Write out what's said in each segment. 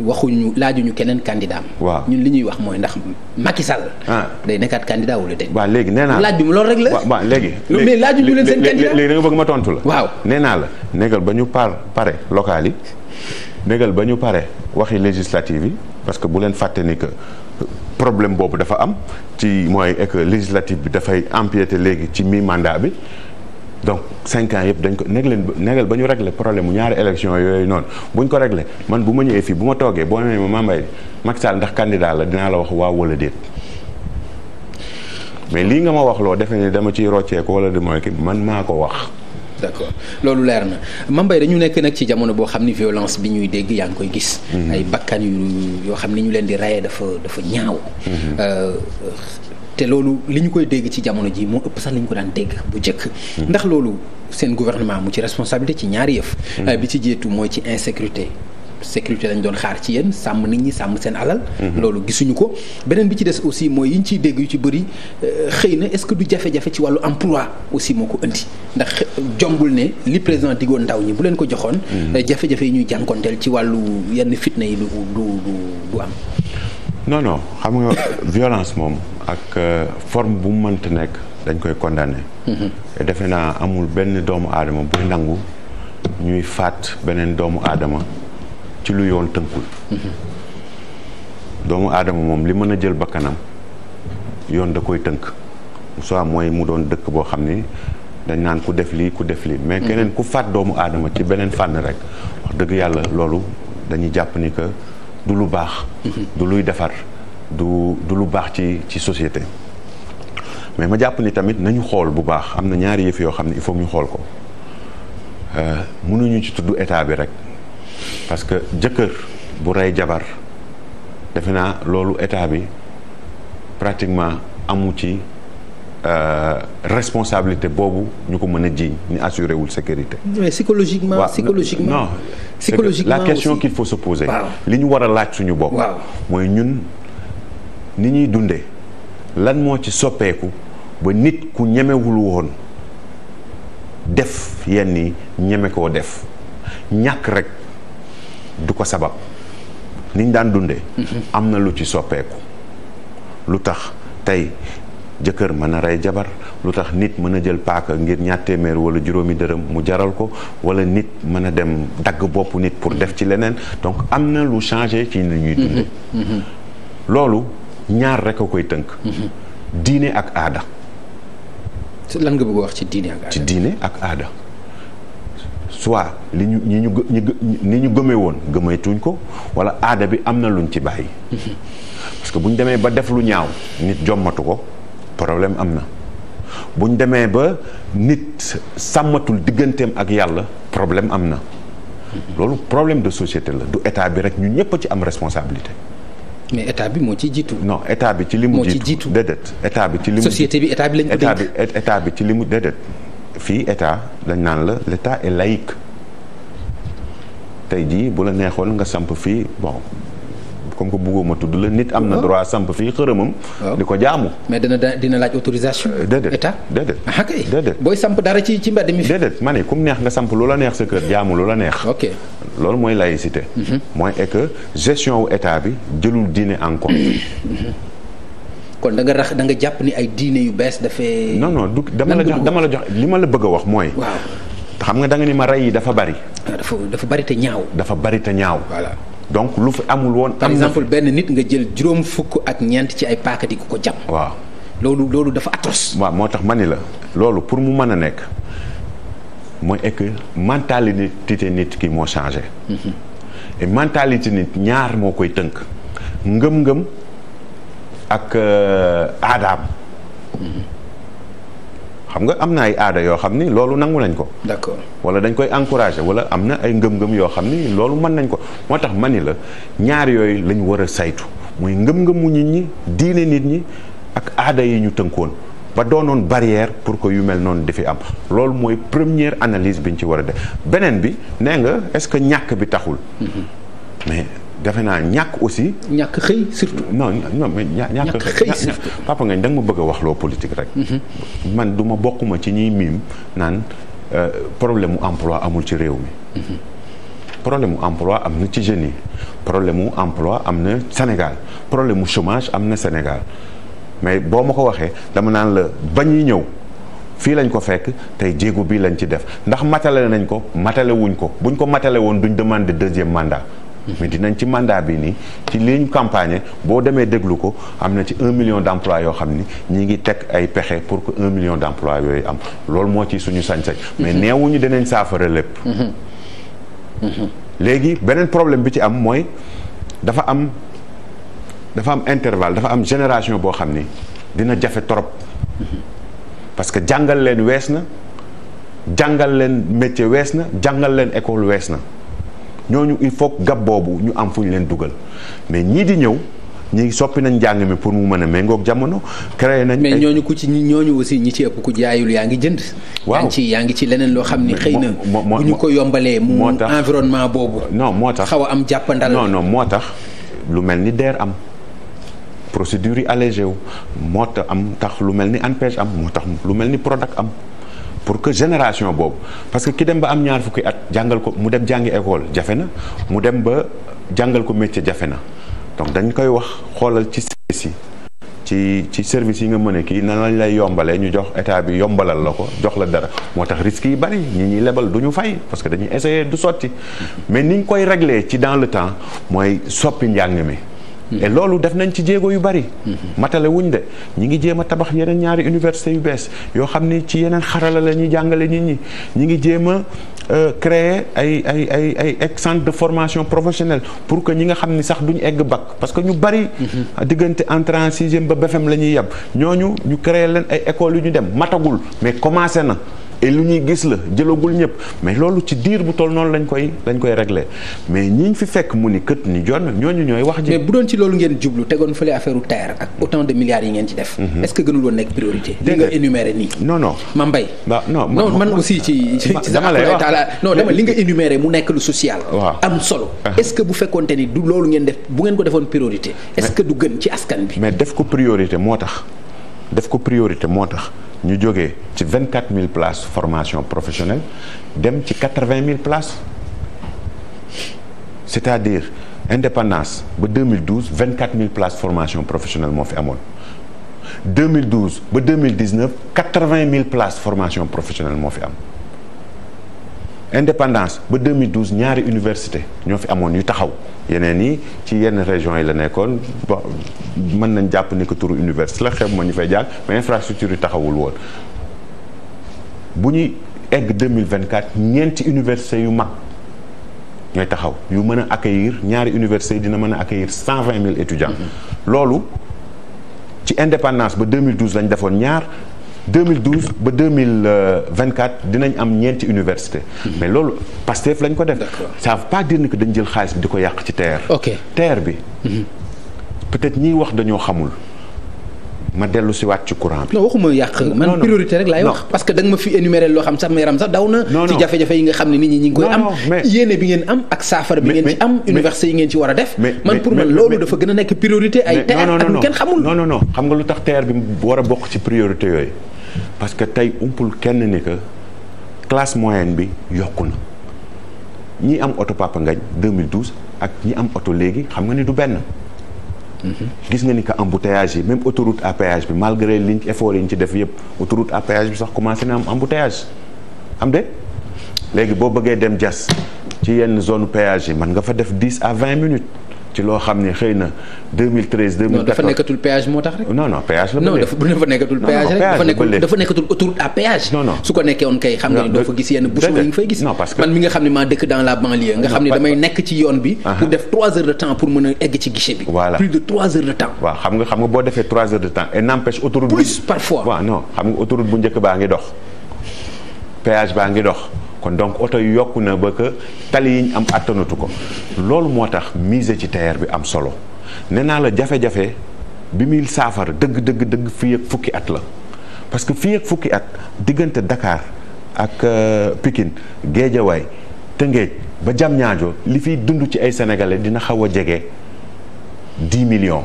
waxuñu laajuñu keneen candidat am. waaw ñun li ñuy wax mooy ndax Macky Sall. Ah. day nekkaat candidat wala déet. waaw léegi nee naa laaj bi loolu rek la. waaw waaw léegi. mais laajuñu leen léegi da nga bëgg ma tontu la. waaw nee naa la négal ba ñu par pare local yi négal ba ñu pare waxi législative yi parce que bu leen fàtte ni que problème boobu dafa am ci mooy que législative bi dafay empiéter léegi ci mii mandat bi. donc cinq ans yëpp dañ ko nekk leen nekkal ba ñu réglé problème mu ñaari élection yooyu noonu buñ ko réglé man bu ma ñëwee fii bu ma toogee boo nee ma Mambaye ndax candidat la dinaa la wax waaw wala déet lii nga ma wax loo defe ne dama ciy rocceeku wala di mooy ki man maa ko wax. d'accord loolu leer na Mambaye dañu nekk nag ci jamono boo xam ni violence bi ñuy dégg yaa ngi koy gis. Mhm. ay bakkan yu yoo xam ni ñu leen di rayé dafa dafa ñaaw. Mhm. Euh, te loolu li ñu koy dégg ci jamono ji moo ëpp sax li ñu ko daan dégg bu njëkk. Hmm. ndax loolu seen gouvernement mu ci responsabilité ci ñaari yëf. Hmm. Euh, bi ci jiitu mooy ci insécurité. sécurité lañ doon xaar ci yéen sàmm nit ñi sàmm seen alal. Hmm. loolu gisuñu ko beneen bi ci des aussi mooy yi ñu ciy dégg yu ci bëri euh, xëy na est-ce que du jafe-jafe ci wàllu emploi aussi moo ko indi ndax jombul ne li président digoon ndaw ñi bu leen ko joxoon. Euh, jafe-jafe yi ñuy jànkonteel ci wàllu yenn fitna yi du du du am. non non xam nga violence moom ak euh, forme bu mu mënta nekk dañ koy condamné. Mm-hmm. defe naa amul benn doomu aadama buy nangu ñuy faat beneen doomu aadama ci lu yoon tënkul. Mm-hmm. doomu aadama moom li mën a jël bakkanam yoon da koy tënk am mooy mu doon dëkk boo xam ni dañ naan ku def lii ku def lii. mais mm-hmm. keneen ku faat doomu aadama ci beneen fànn rek dëgg yàlla loolu dañuy jàpp du lu baax. du luy defar du du lu baax ci ci société. mais ma jàpp ni tamit nañu xool bu baax am na ñaari yëf yoo xam ne il faut ñu xool ko euh, mënuñu ci tudd état bi rek parce que jëkkër bu rey jabar defe naa loolu état bi pratiquement amu ci. Euh, responsabilité boobu ñu ko mën a jiiñ ñu assuré wul sécurité. mais psychologiquement ouais, psychologiquement la question qu'il faut se poser. li ñu war a laaj suñu bopp. mooy ñun ni ñuy dundee lan moo ci soppeeku ba nit ku ñemewul woon def yenn yi ñeme koo def ñàkk rek du ko sabab ni ñu daan dundee. Mm-hmm. am na lu ci soppeeku lu tax tey. jëkkër mën a rey jabar lu tax nit mën a jël paaka ngir ñaar téeméer wala juróomi dërëm mu jaral ko wala nit mën a dem dagg boppu nit pour def ci leneen donc am na lu changé ci ni ñuy mm-hmm. Mm-hmm. ñaar rek koy tënk mm-hmm. ak aada lan nga wax ci diine diine ak aada soit li ñu ñi ñu ni ñu gëmee woon gëmeetuñ ko wala aada bi am na luñ ci bàyyi parce que bu demee ba def lu ñaaw nit jommatu ko problème am na bu demee ba nit sàmmatul digganteem ak yàlla problème am na loolu problème de société la du état bi rek ñun ñëpp ci am responsabilité. mais état bi moo ciy jiitu. non état bi ci li mu jiitu déedéet état bi ci li mu bi état bi lañ ko état bi état bi ci li mu fii état dañ naan la l' état est laïque tey jii bu la neexoon nga samp fii bon. comme que bëgguma tudd la nit am na ah. droit samp fii xërëmam. Ah. di ko jaamu. mais dina dina laaj autorisation. Euh, déedéet état ah, déedéet. booy samp dara ci ci mbedd mi. déedéet ma ne kum neex nga samp lu la neex sa kër jaamu lu la neex. ok loolu mooy laïcité. Mhm. mooy est que gestion wu état bi jëlul diine en mhm. kon da nga rax danga jàpp ni ay diine yu bees dafee. non non du dama la jox dama la jox li ma la bëgg a wax mooy. waaw xam nga da nga ni ma rey yi dafa bari. dafa dafa bari te ñaaw. dafa bari te ñaaw. voilà. donc lu fi amul woon. par exemple benn nit nga jël juróom fukk ak ñeent ci ay paaka di ko ko waaw loolu loolu dafa atroce. waaw moo tax ma ni la loolu pour mu mën a nekk mooy est que mentalité nit ki moo changé. Mhm. et nit ñaar moo koy tënk ngëm-ngëm ak euh, aadaam. Mhm. xam nga am na ay aada yoo xam ni loolu nangu nañ ko. d'accord wala dañ koy encourager wala am na ay ngëm-ngëm yoo xam ni loolu mën nañ ko moo tax ma ni la ñaar yooyu lañ war a saytu muy ngëm-ngëmu nit ñi diine nit ñi ak aada yi ñu tënkoon ba doonoon barrière pour que yu mel noonu di fi am loolu mooy première analyse bi ñu ci war a def beneen bi nee nga est-ce que ñàkk bi taxul. Mm-hmm. defe naa ñàkk aussi. ñàkk xëy surtout. non non mais ñàkk xëy surtout. papa ngañ da nga ma bëgg a wax loo politique rek. Mhm. man duma bokkuma ci ñiy miim naan euh, problème mu emploi amul ci réew mi. Mhm. problème mu emploi am na ci jeunes yi problème mu emploi am na Sénégal problème mu chômage am na Sénégal mais boo ma ko waxee dama naan la bañuy ñëw. fii lañ ko fekk tey jéego bii lañ ci def ndax matale nañ ko matale wuñ ko buñ ko matale woon duñ demander deuxième mandat mais dinañ ci mandat bi nii ci liñ campagne boo demee déglu ko am na ci un million d' yoo xam ni ñi ngi teg ay pexe pour que un million d' yooyu am loolu moo ci suñu sañ-sañ mais neewuñu dinañ saafara lépp léegi beneen problème bi ci am mooy dafa am dafa am intervalle dafa am génération boo xam ni dina jafe trop parce que jàngal leen wees na jàngal leen métier wees na jàngal leen école wees na ñooñu il faut gab boobu ñu am fu ñu leen dugal mais ñii di ñëw ñi soppi nañ njàng mi pour mu mën a méngoog jamono créé nañ. mais ñooñu ku ci ñooñu aussi ñi ci ëpp ko jaayul yaa ngi jënd. waaw yaa ngi ci yaa ngi ci leneen loo xam ni. xëy na bu ñu ko yombalee. mu environnement boobu. non moo tax xaw a am jàppandal. non moo tax lu mel ni DER am. procédure yi allégé wu moo tax am tax lu mel ni ANPEJ am moo tax lu mel ni PRODAC am. pour que génération boobu parce que ki dem ba am ñaar fukki at jàngal ko mu dem jàngi école jafe na mu dem ba jàngal ko métier jafe na donc dañ koy wax xoolal ci service yi ci ci service yi nga mën a kii nan lañ lay yombale ñu jox état bi yombalal la ko jox la dara moo tax risques yi bari ñi ñuy lebal du ñu fay parce que dañuy essayer du sotti mais ni koy régler ci dans le temps mooy soppi njàng mi. et loolu def nañ ci jéego yu bari. Mm-hmm. matale wuñ de ñi ngi jéem a tabax yeneen ñaari université yu bees yoo xam ni ci yeneen xarala la ñuy jàngale nit ñi ñi ngi jéem a euh, créer ay ay ay ay ay centre de formation professionnelle pour que ñi nga xam ni sax duñ egg bac parce que ñu bari. Mm-hmm. diggante entrée en sixième ba BFEM la ñuy yab ñoo ñu ñu créer leen ay écoles yu ñu dem matagul mais commencé na. et lu ñuy gis la jëlagul ñëpp mais loolu ci diir bu toll noonu lañ koy lañ koy régler mais ñiñ fi fekk mu ni kët ni jon ñooñu ñooy wax ji. mais bu doon ci loolu ngeen jublu tegoon fële affaire terre ak mm-hmm. autant de milliards yi ngeen ci def. Mm-hmm. est-ce que gënul woon nekk priorité. li nga énuméré nii. non non ma mbay. non man aussi ci ci dama lay wax non dama li nga énuméré mu nekk lu social. am solo. Ah. est-ce que bu fekkoonte ni du loolu ngeen def bu ngeen ko defoon priorité. est-ce que du gën ci askan bi. mais def def ko priorité moo tax ñu jógee ci vingt mille places formation professionnelle dem ci quatre vingt mille places c'est-à-dire indépendance ba 2012 vingt quatre mille places formation professionnelle moo fi amoon 2012 ba 2019 quatre vingt mille places formation professionnelle moo fi am. indépendance ba 2012 ñaari université ñoo fi amoon yu taxaw yeneen yi ci yenn régions yi la nekkoon bon mën nañ jàpp ne que turu université la xew ma ñu fay jàng mais infrastructure yi taxawul woon bu ñuy egg 2024 ñeenti université yu mag ñooy taxaw yu mën a accueillir ñaari université yi dina mën a accueillir 120 000 étudiants mm-hmm. loolu ci indépendance ba 2012 lañ defoon ñaar 2012 ba 2024 dinañ am ñeenti université mhm. mais loolu Pastef lañ ko def ça veut pas dire ni que dañ jël xaalis bi di ko yàq ci terre terre bi mhm. peut-être ñiy wax dañoo xamul ma dellu si waat ci courant bi. non waxuma yàq man priorité rek laay wax. parce que da nga ma fi énuméré loo xam sax ma yaram sax daw na. ci jafe-jafe yi nga xam ne nit ñi ñu ngi koy am. yéene bi ngeen am ak saafara bi ngeen ci am. université yi ngeen ci war a def. man pour man loolu dafa gën a nekk priorité ay. teer ak lu kenn xamul lu tax teer bi war a bokk ci priorité yooyu. parce que tey umpul kenn ni que classe moyenne bi yokku na ñi am oto Papa Ngagne 2012 ak ñi am oto léegi xam nga ni du benn. gis nga ni que embouteillage yi même autoroute à péage bi malgré liñ effort yi ñu ci def yëpp autoroute à péage bi sax commencé na am embouteillage xam de léegi boo bëggee dem jas ci yenn zone péage yi mën nga fa def 10 à vingt minutes. ci loo xam ne xëy na 2013. 2014 non dafa nekkatul péage moo tax rek. non non péage la ba léegi non dafa bu dafa nekkatul péage rek dafa nekkatul dafa nekkatul autoroute à péage. non non su ko nekkee woon kay. xam nga ni doo fa gis yenn bouchons yi nga fay gis. man mi nga xam ne maa dëkk dans la banlieue. nga xam ne damay nekk ci yoon bi. pour def 3 heures de temps pour mën a egg ci guichet bi. voilà plus de 3 heures de temps. waaw xam nga xam nga boo defee 3 heures de temps et n'empêche autoroute. plus baa ngi dox kon donc oto yi yokku na ba que tali yi ñu am attanatu ko loolu moo tax mise ci terre bi am solo nee naa la jafe-jafe bi muy saafara dëgg dëgg dëgg fii ak fukki at la parce que fii ak fukki at diggante dakaar ak euh, Pikine Géejawaay Tëngéej ba jam ñaajo li fi dund ci ay sénégalais dina xaw a jege. 10 million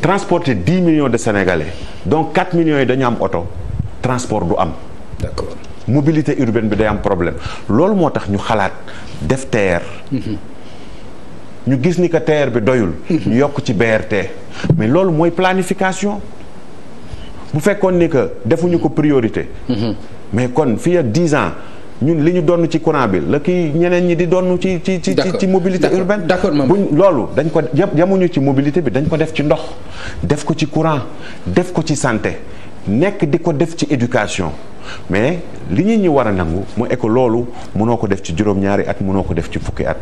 transporter 10 millions de sénégalais donc 4 millions yi dañu am oto transport du am. mobilité urbaine bi day am problème loolu moo tax ñu xalaat def TER. Mm-hmm. ñu gis ni que TER bi doyul. Mm-hmm. ñu yokk ci BRT. mais loolu mooy planification bu fekkoon ni que defuñu ko priorité. Mm-hmm. mais kon fii ak 10 ans. ñun li ñu donn ci courant bi la kii ñeneen ñi di donn ci ci ci ci mobilité urbaine buñ loolu dañ ko yamuñu ci mobilité bi dañ ko def ci ndox def ko ci courant def ko ci santé nekk di ko def ci éducation mais li ñu ñu war a nangu mu eko loolu mënoo ko def ci juróom-ñaari at mënoo ko def ci fukki at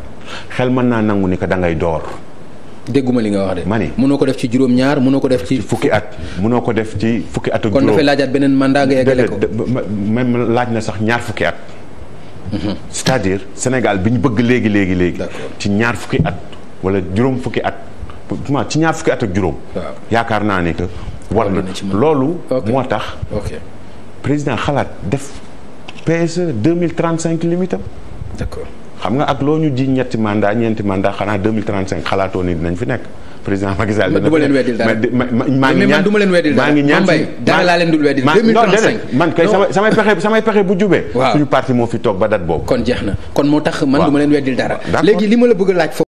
xel mën naa nangu ni ko dangay ngay door. dégguma li nga wax de. ma ni mënoo ko def ci juróom ñaar mënoo ko def ci. fukki at mënoo ko def ci fukki at kon dafay laajaat beneen mandat nga eggale ko même laaj na sax ñaar fukki at. Mhm. cest à Sénégal bi ñu bëgg léegi léegi léegi. ci ñaar fukki at wala juróom fukki at ci ñaar fukki at ak juróom. yaakaar naa ni que war na loolu moo tax. président xalaat def PSE 2035 limite am. d'accord xam nga ak loo ñu ji ñetti mandat ñeenti mandat xanaa 2035 xalaatoo ni dinañ fi nekk. président Macky Sall dina ngi ñaan leen weddil dara man kay samay samay pexe samay pexe bu jubee suñu parti moo fi toog ba date boobu kon jeex na kon moo tax man du ma leen weddil dara léegi li ma la bëgg laaj foofu